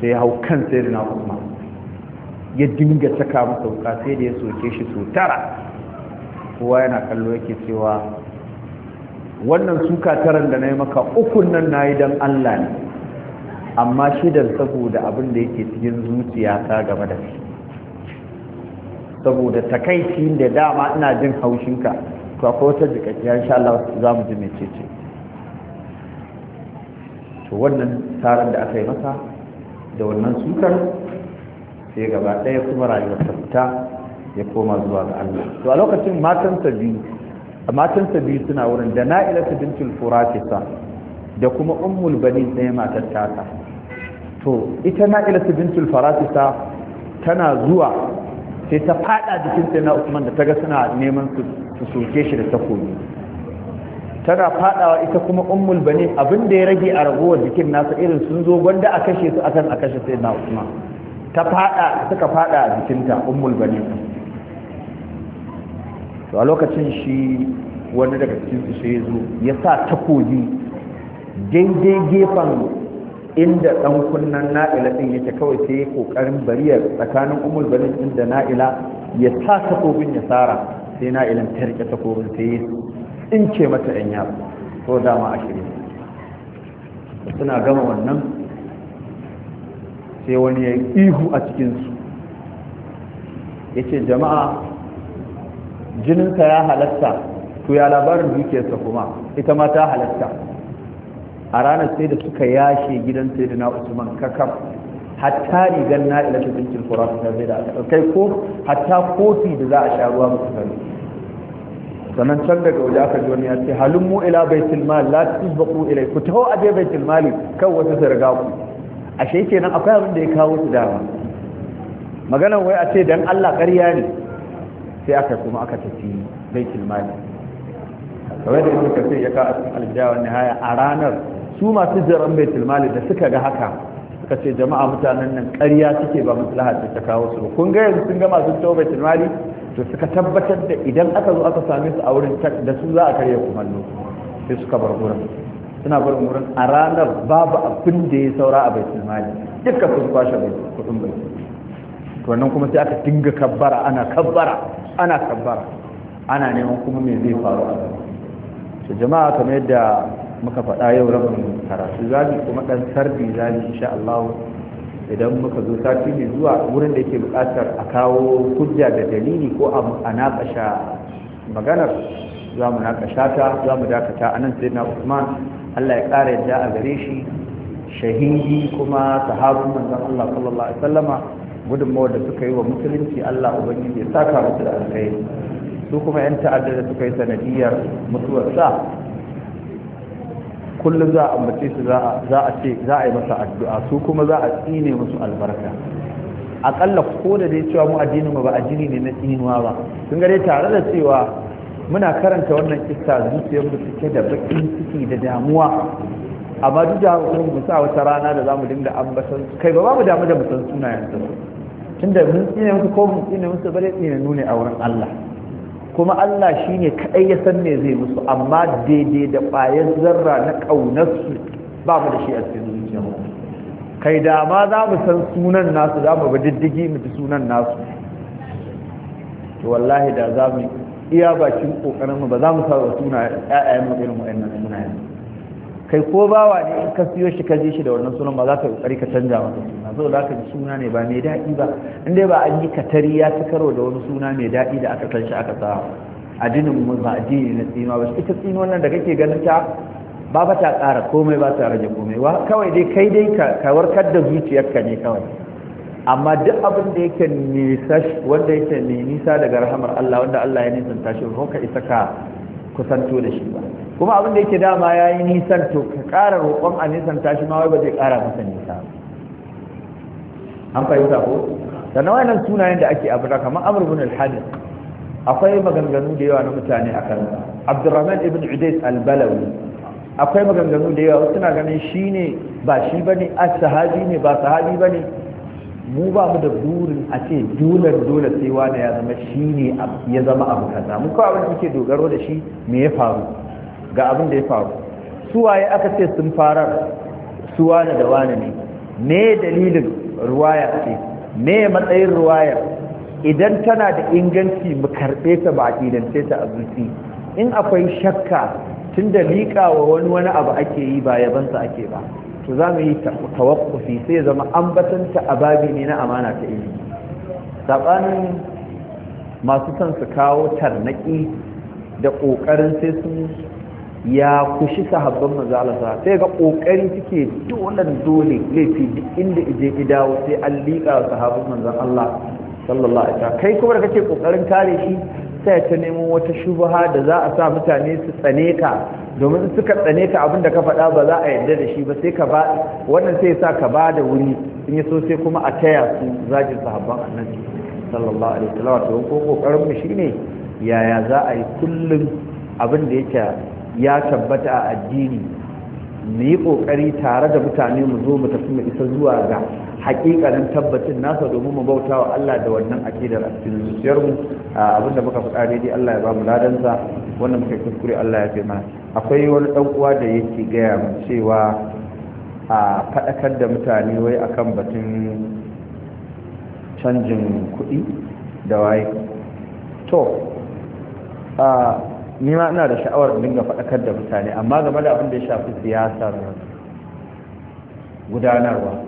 sai hau kan sai da na kuma ya dinga saka masa wuka sai da ya soke shi sau tara kowa yana kallo yake cewa wannan suka taran da na yi maka ukun nan na yi don Allah ne amma shidan saboda abin da yake cikin zuciya ta game da shi saboda takaici da dama ina jin haushinka to akwai wata jikakkiya insha Allah za mu ji mecece to wannan tsarin da aka yi masa da wannan sukar sai gaba ɗaya kuma rayuwar ta fita ya koma zuwa ga Allah to a lokacin matan biyu matan biyu suna wurin da na'ilatu bintul furatisa da kuma ummul banin ɗaya matar tata to ita na'ilatu bintul furatisa tana zuwa sai ta fada jikin sai na usman da ta ga suna neman su soke shi da takobi tana fadawa ita kuma ummul bani abin da ya rage a ragowar jikin nasa irin sun zo gwanda a kashe su akan a kashe sai na usman ta fada suka fada a jikinta ummul bani to a lokacin shi wani daga cikin su sai ya zo ya sa takobi daidai gefen inda dan kunnan na'ila din yake kawai sai yi kokarin bariyar tsakanin umul banin din na'ila ya sa takobin ya sara sai na'ilan ta rike takobin sai in ke mata yan yaro ko dama ashirin suna gama wannan sai wani ya ihu a cikinsu ya ce jama'a jininsa ya halatta to ya labarin dukiyarsa kuma ita ma ta halatta a ranar sai da suka yashe gidan sai da na usman kakaf hatta rigar na ila cikin furat ta zai da aka kai ko hatta kofi da za a sha ruwa musu kare sannan can daga waje aka ji wani ya ce halin mu ila baitul mal la tusbaqu ilai ku taho aje baitul mal kan su riga ku ashe kenan akwai abin da ya kawo su dama magana wai a ce dan Allah ƙarya ne sai aka kuma aka tafi bai mal kawai da yake sai ya ka al-jawa nihaya a ranar su masu jaran baitul mali da suka ga haka suka ce jama'a mutanen nan ƙarya suke ba maslaha ce ta kawo su kun ga yanzu sun ga masu cewa baitul mali to suka tabbatar da idan aka zo aka same su a wurin da su za a karya kumallo sai suka bar gurin suna bar wurin a ranar babu abin da ya saura a baitul mali duka sun kwashe kuɗin baitul to nan kuma sai aka dinga kabbara ana kabbara ana kabbara ana neman kuma me zai faru a jama'a kamar yadda muka faɗa yau rabin karatu Zabi kuma ɗan sarbi zabi, insha Allah idan muka zo sati ne zuwa wurin da yake buƙatar a kawo hujja da dalili ko a naƙasha maganar za mu naƙasha ta za mu dakata a nan na Usman Allah ya ƙara yadda a gare shi shahidi kuma sahabin manzon Allah sallallahu alaihi wasallama gudunmawar da suka yi wa musulunci Allah ubangiji ya saka musu da alkhairi su kuma yan ta'adda da suka yi sanadiyar mutuwarsa kullum za a ambace su za a ce za a yi masa addu'a su kuma za a tsine musu albarka akalla ko da dai cewa mu addinin mu ba addini ne na tsinuwa ba kun ga dai tare da cewa muna karanta wannan kissa zuciyar mu da bakin ciki da damuwa amma duk da haka mu sa wata rana da zamu dinga ambatan kai ba mu damu da musan sunayen su tunda mun tsine musu ko mun tsine musu bare tsine nune a wurin Allah kuma Allah shi ne kaɗai ya san me zai musu amma daidai da ƙwayar zarra na ƙaunarsu ba mu da shi a cikin zuciyar kai da ma za mu san sunan nasu za mu diddigi mu ji sunan nasu to wallahi da za mu iya bakin ƙoƙarin mu ba za mu sa wa suna ƴaƴayen mu irin wa'annan sunayen kai ko bawa ne in ka siyo shi ka je shi da wannan sunan ba za ka kokari ka canja masa suna so za ka ji suna ne ba mai daɗi ba in dai ba an yi katari ya ci karo da wani suna mai daɗi da aka san shi aka sa addinin mu ba addini na tsino ba ita tsino nan da kake ganin ta ba ba ta ƙara komai ba ta rage komai wa kawai dai kai dai ka warkar da zuciyarka ne kawai amma duk abin da yake nisa wanda yake nisa daga rahamar Allah wanda Allah ya nisanta shi ba ka isa ka kusanto da shi ba kuma abin da yake dama ya yi nisan to ka ƙara roƙon a nisan tashi ma wai ba zai ƙara masa nisa an fahimta ko sannan wayannan sunayen da ake abu kamar amr ibn al akwai maganganu da yawa na mutane a kan abdurrahman ibn idris albalawi akwai maganganu da yawa suna ganin shine ba shi bane as-sahabi ne ba sahabi bane mu ba mu da burin a ce dole dole sai wani ya zama shine ya zama abu kaza mu kawai abin da muke dogaro da shi me ya faru ga abin da ya faru suwaye aka ce sun farar suwa da wani ne me dalilin ruwaya ce me matsayin ruwaya idan tana da inganci mu karɓe ta ba a ta a zuci in akwai shakka tun da liƙa wa wani wani abu ake yi ba yabansa ake ba to za mu yi tawakkufi sai zama ambatanta a babi ne na amana ta ilimi saɓanin masu son su kawo tarnaƙi da ƙoƙarin sai sun ya kushi sahabban manzo Allah sa sai ga kokari suke dole dole laifi duk inda ije ki dawo sai an liƙa sahabban manzo Allah sallallahu alaihi wasallam kai kuma da kake kokarin kare shi sai ta nemo wata shubha da za a sa mutane su tsane ka domin suka tsane ka abinda ka faɗa ba za a yarda da shi ba sai ka ba wannan sai sa ka ba da wuri in ya so sai kuma a taya su zagin sahabban annabi sallallahu alaihi wasallam to ko kokarin mu shine yaya za a yi kullum abin da yake ya tabbata a addini mu yi ƙoƙari tare da mutane mu zo mu tafi mu isa zuwa ga haƙiƙanin tabbacin nasa domin mu bauta wa Allah da wannan aƙidar a cikin zuciyarmu abinda muka faɗa daidai Allah ya ba mu ladansa wannan muka kuskure Allah ya fi akwai wani ɗan uwa da yake gaya mu cewa a faɗakar da mutane wai akan batun canjin kuɗi da waye to ni ma ina da sha'awar dinga faɗakar da mutane amma game da abin da ya shafi siyasar gudanarwa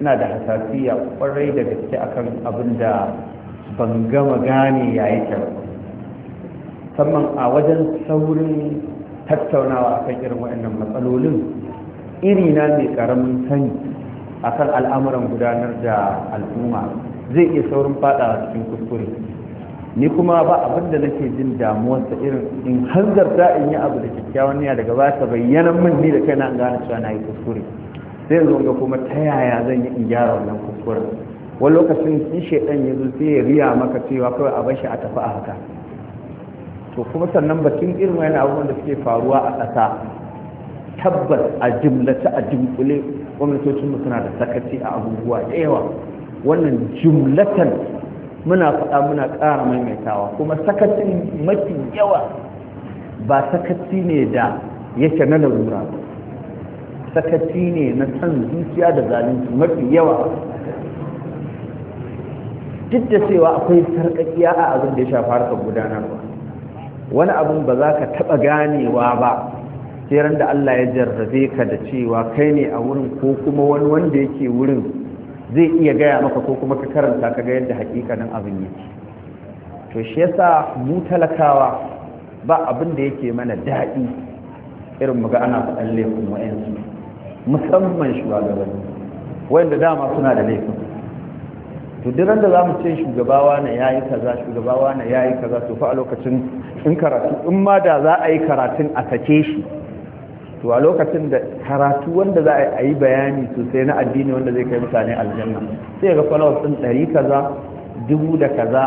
ina da hasasiya kwarai da gaske akan abin da ban gama gane yayi ta musamman a wajen saurin tattaunawa akan irin waɗannan matsalolin iri na mai karamin sani akan al'amuran gudanar da al'umma zai iya saurin faɗawa cikin kuskure ni kuma ba abin da nake jin damuwarsa irin in hanzarta in yi abu da kyakkyawan niyya daga ba ta bayyana min ni da kaina an gane cewa na yi kuskure sai yanzu ga kuma ta yaya zan yi in gyara wannan kuskuren wani lokacin shi shaidan ya zo sai ya riya maka cewa kawai a bar shi a tafi a haka to kuma sannan batun irin wani abubuwan da suke faruwa a ƙasa tabbas a jimlata a jimkule gwamnatocinmu suna da sakaci a abubuwa da yawa wannan jumlatan muna faɗa muna ƙara maimaitawa kuma sakacin mafi yawa ba sakaci ne da yake na larura ba sakaci ne na san zuciya da zalunci mafi yawa duk da cewa akwai sarƙaƙiya a abin da ya shafa harkar gudanarwa wani abin ba za ka taɓa ganewa ba sai da Allah ya jarrabe ka da cewa kai ne a wurin ko kuma wani wanda yake wurin zai iya gaya maka ko kuma ka karanta ka ga yadda hakikanin abin yake to shi yasa mu talakawa ba abin da yake mana daɗi irin muga ana faɗan laifin yanzu. musamman shugabanni wanda dama suna da laifin to duk da za mu ce shugabawa na yayi kaza shugabawa na yayi kaza to fa a lokacin in karatu in ma da za a yi karatun a sake shi to a lokacin da karatu wanda za a yi bayani sosai na addini wanda zai kai mutane aljanna sai ga followers din ɗari kaza dubu da kaza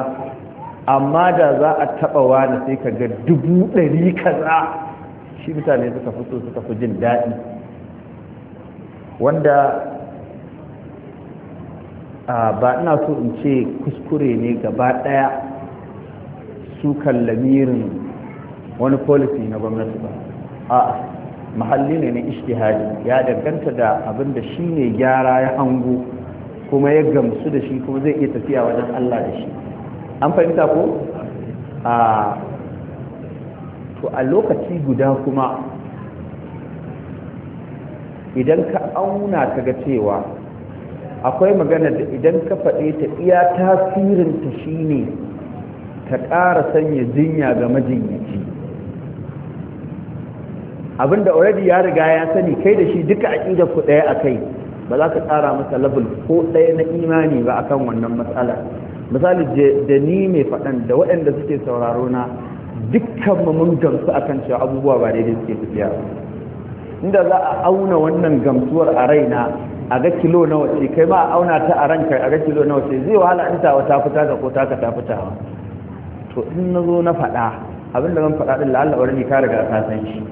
amma da za a taɓa wani sai ka ga dubu ɗari kaza shi mutane suka fi suka fi jin daɗi wanda ba ina so in ce kuskure ne gaba ɗaya su kallamirin wani policy na gwamnati ba a'a mahalli ne na ishtihadi ya danganta da abin da shi ne gyara ya hango kuma ya gamsu da shi kuma zai iya tafiya wajen Allah da shi an fahimta ko a to a lokaci guda kuma idan ka auna ka ga cewa akwai magana da idan ka faɗe ta iya tasirinta ne ka ƙara sanya jinya ga majinyaci abinda already ya riga ya sani kai da shi duka a aqidar ku a kai ba za ka tsara masa level ko daya na imani ba akan wannan matsala misali da ni mai faɗan da waɗanda suke sauraro na dukkan mun gamsu akan cewa abubuwa ba daidai suke tafiya inda za a auna wannan gamsuwar a raina a ga kilo na wace kai ma a auna ta a ranka a ga kilo na wace zai wahala in ta ta fita ga ko taka ta fita to in na zo na faɗa abinda zan faɗa ɗin la'alla wani ka riga ka san shi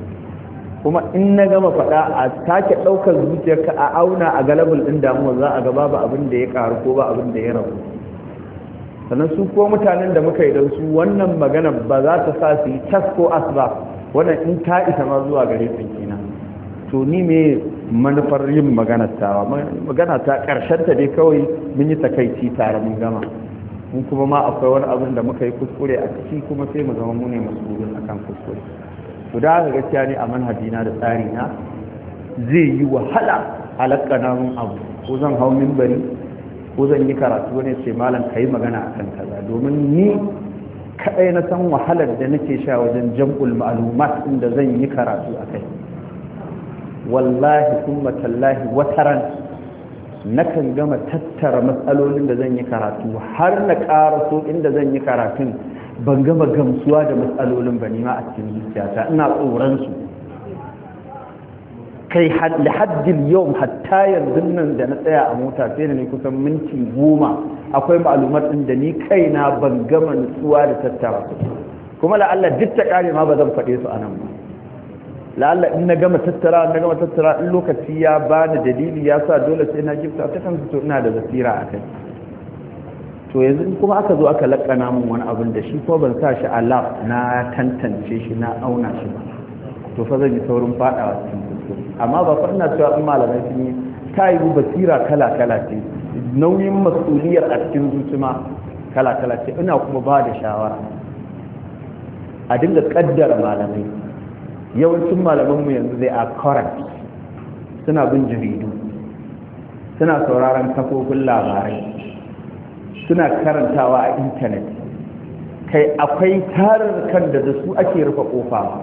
kuma in na gama faɗa a take ɗaukar zuciyarka a auna a galabin ɗin damuwa za a gaba ba abin da ya ƙaru ko ba abin da ya rabu sannan su ko mutanen da muka yi don su wannan magana ba za ta sa su yi tas ko as ba wannan in ta isa ma zuwa gare su kina to ni me manufar yin magana ta magana ta karshen ta dai kawai mun yi takaici tare mun gama mun kuma ma akwai wani abin da muka yi kuskure a ciki kuma sai mu zama mu ne masu akan kuskure to da haka gaskiya ne a manhajina da tsarina zai yi wahala halakka mun abu ko zan hau mimbari ko zan yi karatu ne sai malam kai magana akan kaza domin ni kaɗai na san wahalar da nake sha wajen jam'ul ma'lumat inda zan yi karatu akai wallahi kuma tallahi wataran nakan gama tattara matsalolin da zan yi karatu har na ƙara inda zan yi karatun ban gama gamsuwa da matsalolin ba ma a cikin zuciyata ina tsoron su kai da haddin yau hatta yanzu nan da na tsaya a mota sai da ni kusan minti goma akwai ma'alumar ɗin da ni kaina ban gama nutsuwa da tattara su kuma la'alla duk ta ƙare ma ba zan faɗe su a nan ba la'alla in na gama tattara na gama tattara in lokaci ya bani dalili ya sa dole sai na gifta ta kan ina da zasira a kai to yanzu kuma aka zo aka lakana namun wani abin da shi ko ban sa shi a lab na tantance shi na auna shi ba to fa zan yi saurin a cikin kuskure amma ba fa ina cewa in malamai sun yi ta yi basira kala kala ce nauyin masuliyar a cikin zuciya kala kala ce ina kuma ba da shawara a dinga kaddara malamai yawancin mu yanzu zai a current suna bin jaridu suna sauraron kafofin labarai suna karantawa a intanet kai akwai tarin kan da su ake rufe kofa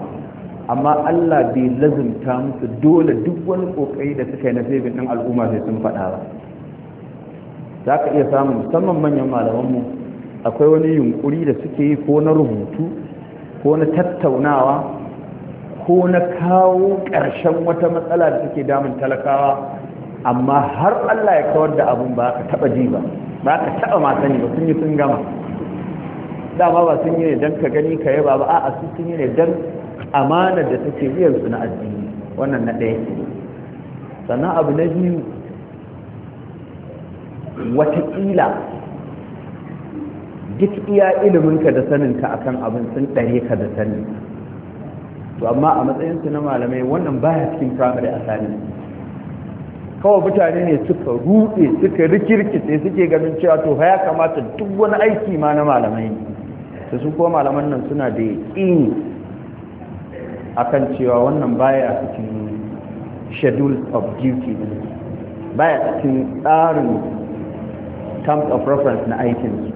amma Allah bai lazimta musu dole duk wani kokari da suka yi na sabin ɗin al'umma sai sun faɗa ba za ka iya samun musamman manyan malamanmu akwai wani yunkuri da suke yi ko na rubutu ko na tattaunawa ko na kawo ƙarshen wata matsala da suke damun talakawa amma har Allah ya kawar da abun ba ka taba ji ba ba ka taba ma sani ba sun yi sun gama dama ba sun yi ne don ka gani ka yaba ba a su sun yi ne don amanar da take biyan su na addini wannan na ɗaya sannan abu na biyu watakila duk iya iliminka da saninka a kan abin sun ɗare ka da sani to amma a matsayinsu na malamai wannan baya cikin primary Sani. kawai mutane ne suka ruɗe suka rikirkice suke ganin cewa to ya kamata duk wani aiki ma na malamai ne da su kuma malaman nan suna da a kan cewa wannan baya cikin schedule of duty ne baya cikin tsarin terms of reference na aikin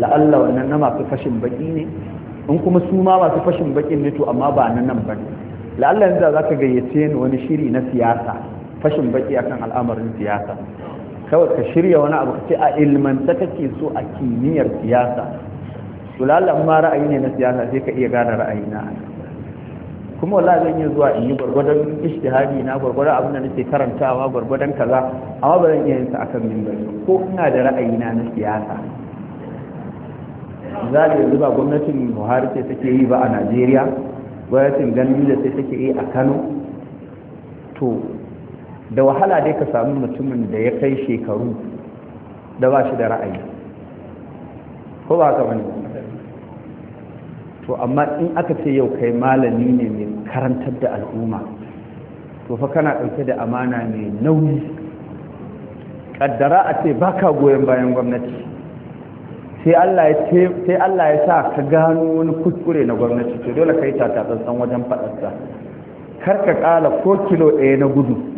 la'alla wannan na masu fashin baki ne in kuma su ma masu fashin baƙin ne to amma ba na nan ba la'alla yanzu za ka gayyace ni wani shiri na siyasa fashin baki akan al'amarin siyasa kawai ka shirya wani abu ce a ilmanta kake so a kimiyyar siyasa lallan ma ra'ayi ne na siyasa sai ka iya gane ra'ayi na kuma wala zan yi zuwa in yi gwargwadon ishtihadi na gwargwadon abin da nake karantawa gwargwadon kaza amma ba zan iya yin sa akan mimbar ko ina da ra'ayi na na siyasa za yanzu ba gwamnatin buhari ce take yi ba a najeriya gwamnatin gandu da take yi a kano to da wahala dai ka samu mutumin da ya kai shekaru da ba shi da ra'ayi ko ba ka wani to amma in aka ce yau kai malami ne mai karantar da al'umma to fa kana ɗauke da amana mai nauyi ƙaddara a ce ba ka goyon bayan gwamnati sai Allah ya sa ka gano wani kuskure na gwamnati to dole ka yi tatatsan wajen faɗarsa kar ka ƙala ko kilo ɗaya na gudu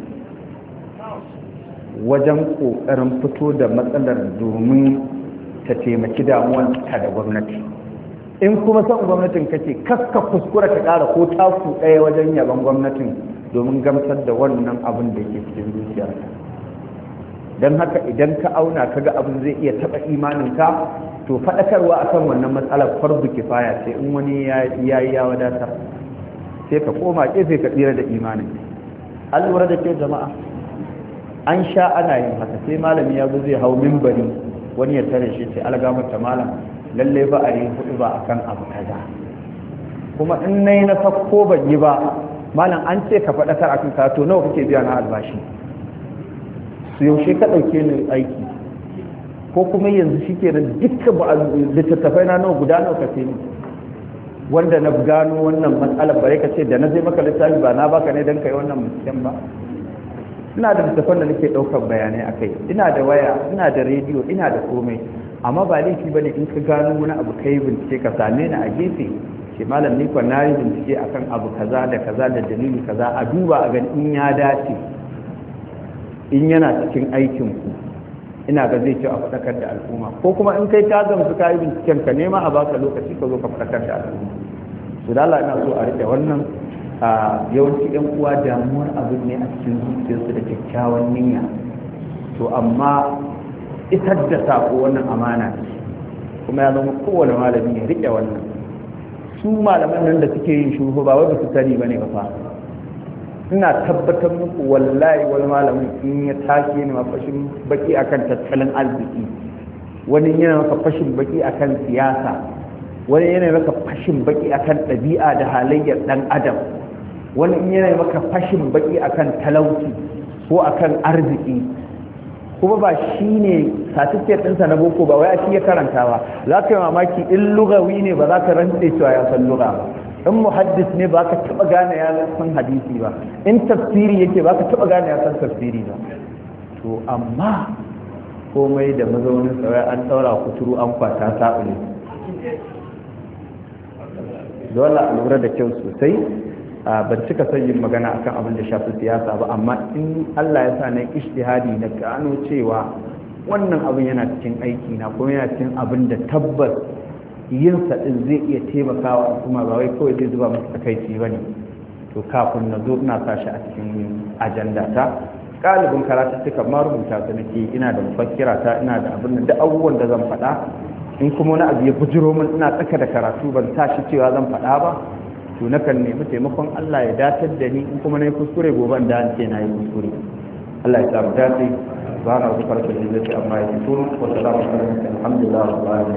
wajen ƙoƙarin fito da matsalar domin ta taimaki ta da gwamnati in kuma san gwamnatin kake kaska kuskura ta ƙara ko taku ɗaya wajen yaban gwamnatin domin gamsar da wannan abin da ke cikin zuciyarka don haka idan ka auna ka ga abin zai iya taɓa ka to faɗakarwa akan wannan matsalar farbu kifaya sai in wani ya yi ya wadatar sai ka koma ƙefe ka tsira da imanin an da ke jama'a an sha ana yin haka sai malami ya zo zai hau mimbari wani ya tare shi sai algamar ta malam lalle ba a yi hudu ba akan abu kaza kuma in nayi na fakko ban yi ba malam an ce ka faɗa kar akan kato nawa kake biya na albashi su yaushe ka ɗauke ni aiki ko kuma yanzu ke nan dukkan ba littattafai na nawa guda nawa ka ni wanda na gano wannan matsalar bare ka ce da na zai maka littafi ba na baka ne don kai wannan mutum ba ina da littafan da nake ɗaukar bayanai a kai ina da waya ina da rediyo ina da komai amma ba laifi ba ne in ka gano wani abu ka yi bincike ka same ni a gefe ke malam ni kwa na yi bincike akan abu kaza da kaza da dalili kaza a duba a gani in ya dace in yana cikin aikin ku ina ga zai ce a faɗakar da al'umma ko kuma in kai ka gamsu ka yi binciken ka nema a baka lokaci ka zo ka faɗakar da al'umma su dala ina so a rike wannan a yawanci yan uwa damuwar abin ne a cikin zuciyarsu da kyakkyawan niyya to amma isar da sako wannan amana kuma ya zama kowane malami ya riƙe wannan su malaman nan da suke yin shuhu ba wai ba su sani bane ba fa ina tabbatar muku wallahi wani malamin in ya tashi ne mafashin baki akan tattalin arziki wani yana maka fashin baki akan siyasa wani yana maka fashin baki akan ɗabi'a da halayyar ɗan adam wani in yana maka fashin baki akan talauci ko akan arziki kuma ba shi ne satisfiyar ɗinsa na boko ba wai a shi ya karanta ba za ka yi mamaki in lugawi ne ba za ka rantse cewa ya san luga ba in muhaddis ne ba ka taɓa gane ya san hadisi ba in tafsiri yake ba ka taɓa gane ya san tafsiri ba to amma komai da mazaunin tsawai an ɗaura kuturu an kwata sa'uli dole a lura da kyau sosai ban cika son yin magana akan abin da shafi siyasa ba amma in Allah ya sa na ishtihadi na gano cewa wannan abin yana cikin aiki na kuma yana cikin abin da tabbas yin sa din zai iya taimakawa kuma ba wai kawai zai zuba musu takaici ba ne to kafin na zo ina sa shi a cikin ajanda ta galibin karatuttuka ma rubuta su nake ina da mafakira ta ina da abin da abubuwan da zan faɗa in kuma wani abu ya bujiro min ina tsaka da karatu ban sa cewa zan faɗa ba to kan nemi taimakon Allah ya datar da ni in kuma na yi kuskure gobe da an ce na yi kuskure Allah ya samu dace na wa ta'ala da amma ya fito wa salamu alhamdulillah